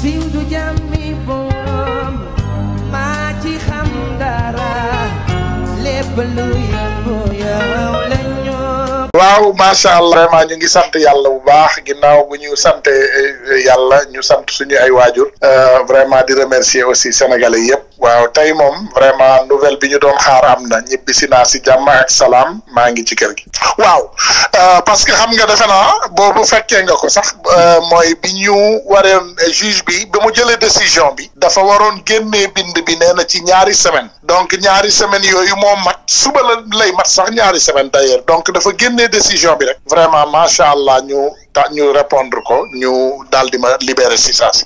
siiw waaw macha allah vraiment ñu ngi sant yàlla bu baax ginnaaw bu ñu sant eh, eh, yàlla ñu sant suñu ay waajur euh, vraiment di remercier aussi sénégalais yëpp waaw tey moom vraiment nouvelle bi ñu doon xaar am na ñibbisi naa si jàmm ak salaam maa ngi ci kër gi. waaw euh, parce que xam nga defe naa boobu fekkee nga ko sax euh, mooy bi ñu waroon juge bi bi mu jëlee décision bi dafa waroon génnee bind bi nee na ci ñaari semaine donc ñaari semaine yooyu moo mat suba la lay mat sax ñaari semaine d'ailleurs donc dafa génnee décision bi rek vraiment macha allah ñu ta ñu répondre ko ñu daal di ma libérer si saa si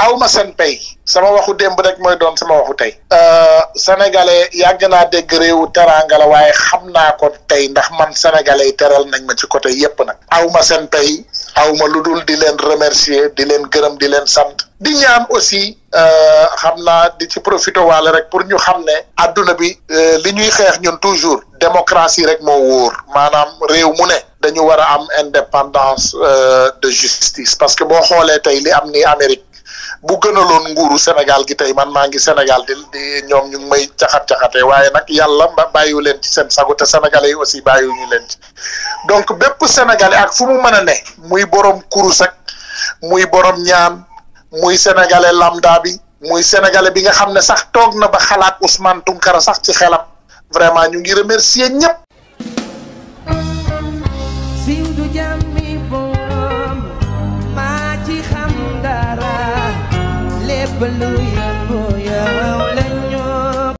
awma sen pay sama waxu demb rek moy doon sama waxu euh sénégalais yag na dégg rew teranga la waye xamna ko tay ndax man sénégalais teral nañ ma ci côté yépp nak awma sen pay awma di len remercier di len gërëm di len sant di ñaan aussi euh xamna di ci profito wal rek pour ñu xamné aduna bi euh, li ñuy ñun toujours démocratie rek mo woor manam rew mu ne dañu wara am indépendance euh, de justice parce que bo xolé tay li am ni Amérique bu gënaloon nguuru Sénégal gi tey man maa ngi Sénégal di di ñoom ñu ngi may caxat caxatee waaye nag yàlla ba bàyyiwu leen ci seen sago te sénégalais yi aussi bàyyiwuñu leen ci donc bépp sénégalais ak fu mu mën a ne muy boroom kurus ak muy boroom ñaan muy sénégalais lambda bi muy sénégalais bi nga xam ne sax toog na ba xalaat Ousmane Tounkara sax ci xelam vraiment ñu ngi remercier ñëpp. Hallelujah. Oh,